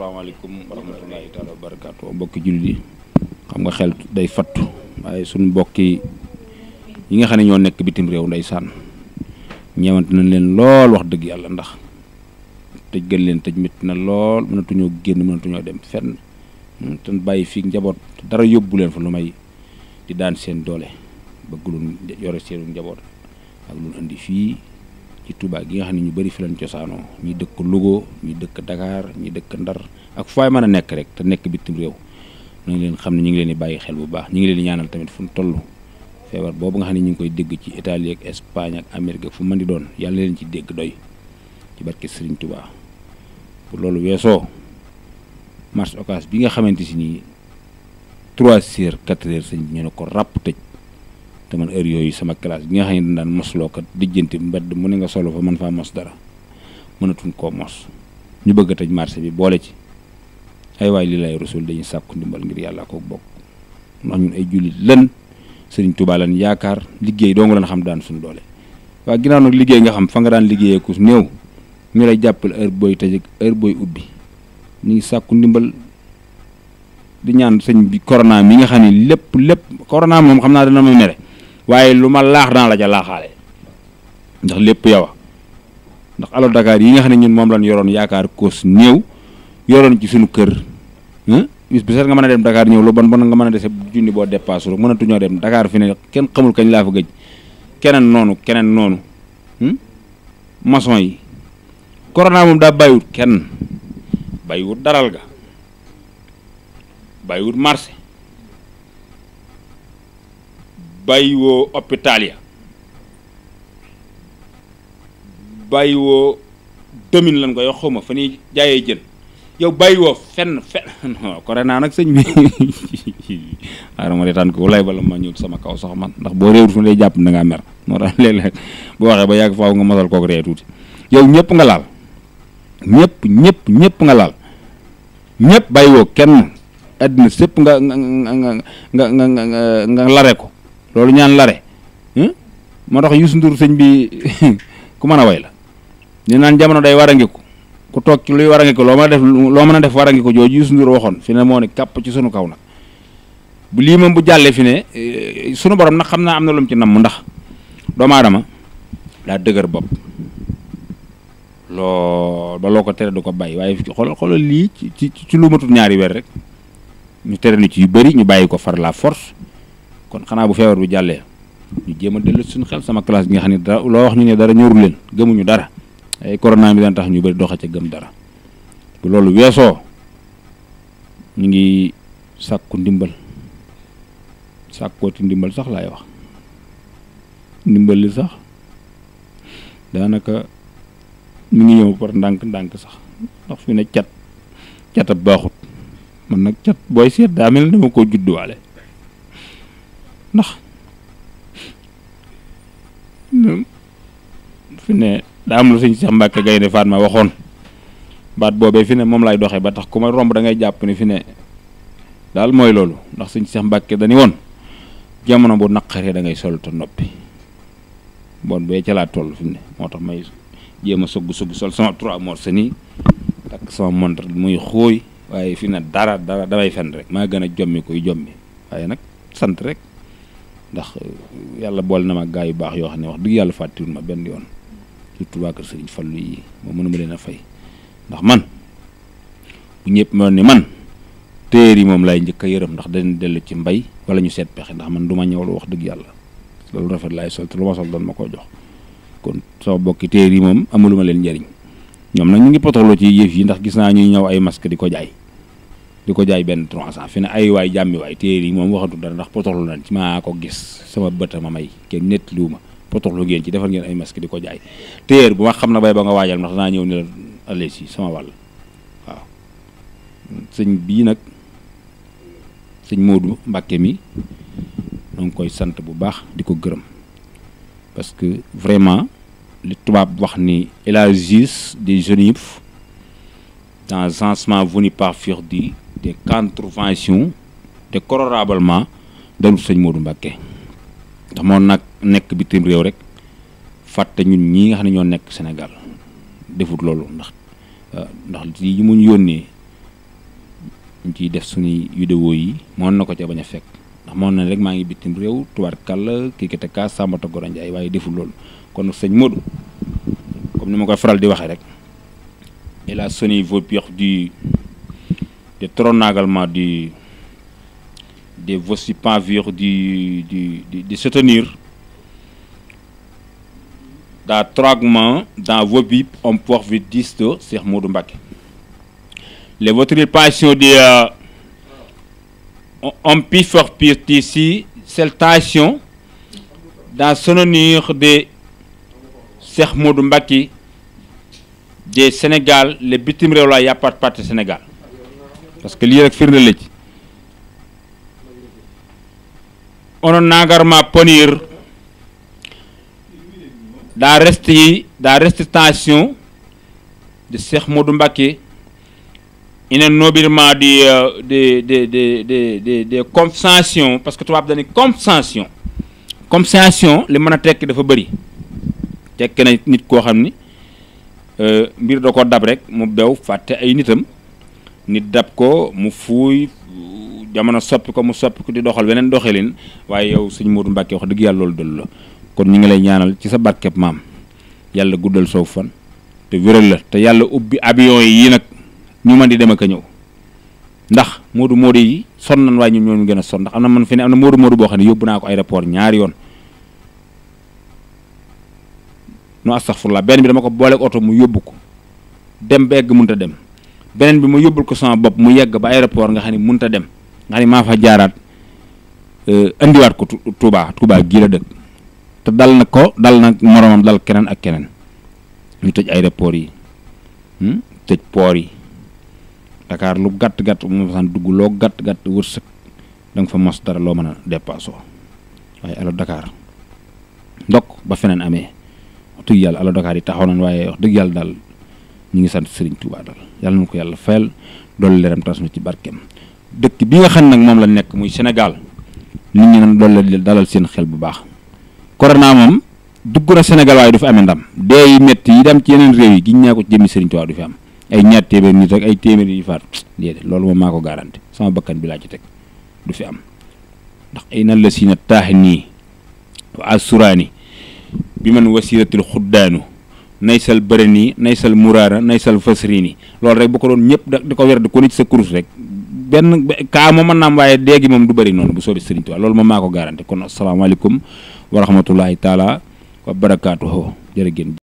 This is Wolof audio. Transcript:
asalaamaaleykum wa rahmatulahi taala wa barakaatu mbokki jullit yi xam nga xel day fattu waaye suñu mbokki yi nga xam ne ñoo nekk bitim réew sànn ñeewante na leen lool wax dëgg yàlla ndax tëj gën leen tëj métti na lool mënatuñoo génn mënatuñoo dem fenn te bàyyi fii njaboot dara yóbbu leen fa lu may di daan seen doole bëgg lu yore seenu njaboot ak lu indi fii ci Touba gi nga xam ne ñu bëri fi lañ cosaanoo ñi dëkk Louga ñi dëkk Dakar ñi dëkk Ndar ak faay mën a nekk rek te nekk bitim réew ñu leen xam ne ñu ngi leen di bàyyi xel bu baax ñu ngi leen di ñaanal tamit fu mu toll feebar boobu nga xam ne ñu ngi koy dégg ci Italie ak Espagne ak Amérique ak fu mën di doon yàlla leen ci dégg doy ci barke Serigne tubaa bu loolu weesoo marche occas bi nga xamante si nii trois heures quatre heures sëñ bi ñu ne ko ràpp tëj te man heure yooyu sama classe bi nga xam ne daan mosloo kat dijjanti mbedd mu ne nga solo fa mën faa mos dara mënatuñ koo mos ñu bëgg a tëj marché bi boole ci ay waay li lay rusul dañuy sàkku ndimbal ngir yàlla ko bokk ndax ay jullit lan sëriñ Tuubaa lan yaakaar liggéey doo nga lan xam daan suñu doole waaw ginnaaw nag liggéey nga xam fa nga daan liggéeyee ku néew ñu lay jàppale heure booy tëj ak booy ubbi ñu ngi sàkku ndimbal di ñaan sëñ bi corona mi nga xam ni lépp lépp corona moom xam naa dana ma mere waaye lu ma laax dana la ca laaxaale ndax lépp yow ndax alal dakaar yi nga xam ne ñun moom lañ yoroon yaakaar koos néew yoroon ci suñu kër bis bi sax nga mën a dem Dakar ñëw lu bon bon nga mën a dese junni boo dépassé rek mën a tuñoo dem Dakar fi ne kenn xamul kañ laa fa gëj keneen noonu keneen noonu maçon yi corona moom daa bàyyiwut kenn bàyyiwut daral ga bàyyiwut marché bàyyiwoo hôpital ya bàyyiwoo domine lan ko yow xaw ma fa ñuy jaayee jën yow bàyyiwoo fenn fenn non corona nag sëñ bi waaw ma reetaan ko walaay bala ma ñëw sama kaw sax man ndax boo réewul fu lay jàpp na mer moo tax léeg boo waxee ba yàgg faaw nga mosal kooku ree tuuti yow ñëpp nga laal ñëpp ñëpp ñëpp nga laal ñëpp bàyyiwoo kenn àddina sépp nga nga nga nga nga nga lare ko loolu ñaan lare moo tax Youssou Ndour sëñ bi ku mën a way la ñu naan jamono day war a ngiku ku toog ki luy war a ngiku loo mën a def loo mën a def war a ngiku jooju Youssou Ndour waxoon fi ne moo ne kàpp ci sunu kaw nag bu lii moom bu jàllee fi ne eh, sunu borom nag xam naa am na lu mu ci namm ndax doomu aadama laa dëgër bopp loo ba loo ko tere du ko bàyyi waaye xoolal xoolal lii ci ci ci lu ñaari weer rek ñu tere ni ci yu bari ñu bàyyi ko far la force kon xanaa bu feebar bi jàllee ñu jéem a dellu suñu xel sama classe bi nga xam ne dara loo wax ñu ne dara ñorul leen gëmuñu dara ay corona bi daan tax ñu bëri a ca gëm dara bu loolu weesoo ñu ngi sàkku ndimbal sàkkooti ndimbal sax laay wax ndimbal li sax daanaka mu ngi ñëw par ndànk-ndànk sax ndax fi ne cat catab baaxut man nag cat booy seet daa mel ne dama koo judduwaale ndax fi ne daa am lu sëñ Cheikh Mbacke Gaynde ma waxoon baat boobee fi ne moom laay doxee ba tax ku ma romb da ngay jàpp ne fi ne daal mooy loolu ndax sëñ Cheikh Mbacke dañu woon jamono bu naqaree da ngay sol te noppi bon bee ca laa toll fi mu ne moo tax may jéem a sugg sugg sol sama trois morceaux nii takk sama montre muy xooy waaye fi na dara dara damay fen rek maa gën a jommi koy jommi waaye nag sant rek ndax eh, yàlla boole na ma gaa yu baax yoo xam ne wax dëgg yàlla fàttiwul ma benn yoon surtout waa kër sëriñ Fallu yi moom mënuma leen a fay ndax man bu ñëpp ma ne man téer yi moom lay njëkk a yërëm ndax dañ dellu ci mbay wala ñu seet pexe ndax man duma ma lu wax dëgg yàlla loolu rafet laay sol te lu ma sol doon ma koo jox kon sama bokki téer yi moom amuluma leen njariñ ñoom nag ñu ngi potoxloo ci yëf yi ndax gis naa ñuy ñëw ay masque di ko jaay di ko jaay benn 300 fi ne ay waay jàmmi waay téere yi moom waxatu dara ndax potoxlu nañ ci maa ko gis sama bët ma may kenn nett liwu ma potoxlu ngeen ci defal ngeen ay masque di ko jaay téere bu ma xam na bay ba nga waajal ndax naa ñëw ni la allé si sama wàll waaw bii nag sëñ Modou Mbacke mi ñoo ngi koy sant bu baax di ko gërëm parce que vraiment li tubaab wax ni élargissent des jeunes dans un sens venu par Firdi des contraventions te corroborablement dalul sëñ Modou Mbacké ndax moo nag nekk bitim réew rek fàtte ñun ñi nga xam ne ñoo nekk Sénégal defut loolu ndax euh, ndax yi mu ñu yónnee ñu ciy def suñuy vidéo yi moon na ko ca bañ fekk ndax moon na rek maa ngi bitim réew tubaarkàlla kii kete kaas Sambata Gora Ndiaye waaye deful loolu kon sëñ Modou comme ni ma koy faral di waxee rek il a sonné vos pires du de tronagalment du des vocipavures du du du de se tenir da dans vos bibles on pourvit dix de Cheikh Modou Mbacké les votre passion de on pi for pirti si celtation dans son honneur de Cheikh Modou Mbacké Sénégal les bitim réew la part parti Sénégal parce que lii rek firnde la ci ono nangarma ponir da reste yi da restauration de Cheikh Modou Mbacké ina nobirement di de euh, de de de de de compensation parce que comme dañuy comme compensation li mën a tekk dafa bëri tekki na nit koo xam ni euh, mbir da ko dab rek mu bew fàtte ay nitam nit dab ko mu fuuy jamono soppi ko mu soppi ko di doxal weneen doxalin waaye yow sëñ Modou Mbacke wax dëgg yàlla loolu la kon ñu ngi lay ñaanal ci sa barkeb maam yàlla guddal soow fan te wéral la te yàlla ubbi avion yi nag ñu mën di dem ak a ñëw ndax Modou Modou yi sonn nañ waaye ñun gën a sonn ndax man fi ne am na boo xam ne yóbbu naa ko aéroport ñaari yoon nu astaxfurlaa benn bi dama ko booleeg oto mu yóbbu ko dem ba egg mënut a dem. beneen bi ma yóbbul ko sama bopp mu yegg ba aéroport nga xam ne mënut a dem nga xam maa fa jaaraat euh, andiwaat ko Touba Touba gii la dëkk te dal na ko dal na moromam dal keneen ak keneen ñu tëj aéroport yi hmm? tëj poor yi Dakar lu gàtt gàtt mu ma dugg loo gàtt gàtt wërsëg da fa mos dara loo mën a dépassé waaye alo Dakar ndok ba feneen amee wax dëgg yàlla alo yi taxaw nañ waaye wax dëgg yàlla daal. ñu ngi sant Serigne Touba daal yàlla na ko yàlla fayal doole leeram tas na ci barkeem dëkk bi nga xam nag moom la nekk muy senegal nit ñi nag doole dalal seen xel bu baax corona moom dugg na Sénégal waaye du fi amee ndam dee yi métti yi dem ci yeneen réew yi giñ naa ko jëmmi Serigne Touba du fi am ay ñaar téeméer nit rek ay téeméeri yi faat loolu moom maa ko garanti sama bakkan bi laa ci teg du fi am ndax ay nan la si na taax nii wa asuraani bi man wasiiratil xuddaanu nay nii naysal bërëni naysal muraara naysal fasrini loolu rek bu ko doon ñëpp da di ko wer di ko nit sa kurus rek benn kaa moom mën naam waaye déegi moom du bëri noonu bu soobee Sëriñ Tuubaa loolu moom maa ko garanti kon asalaamaaleykum wa rahmatullahi taala wa barakaatuhu jërë ngeen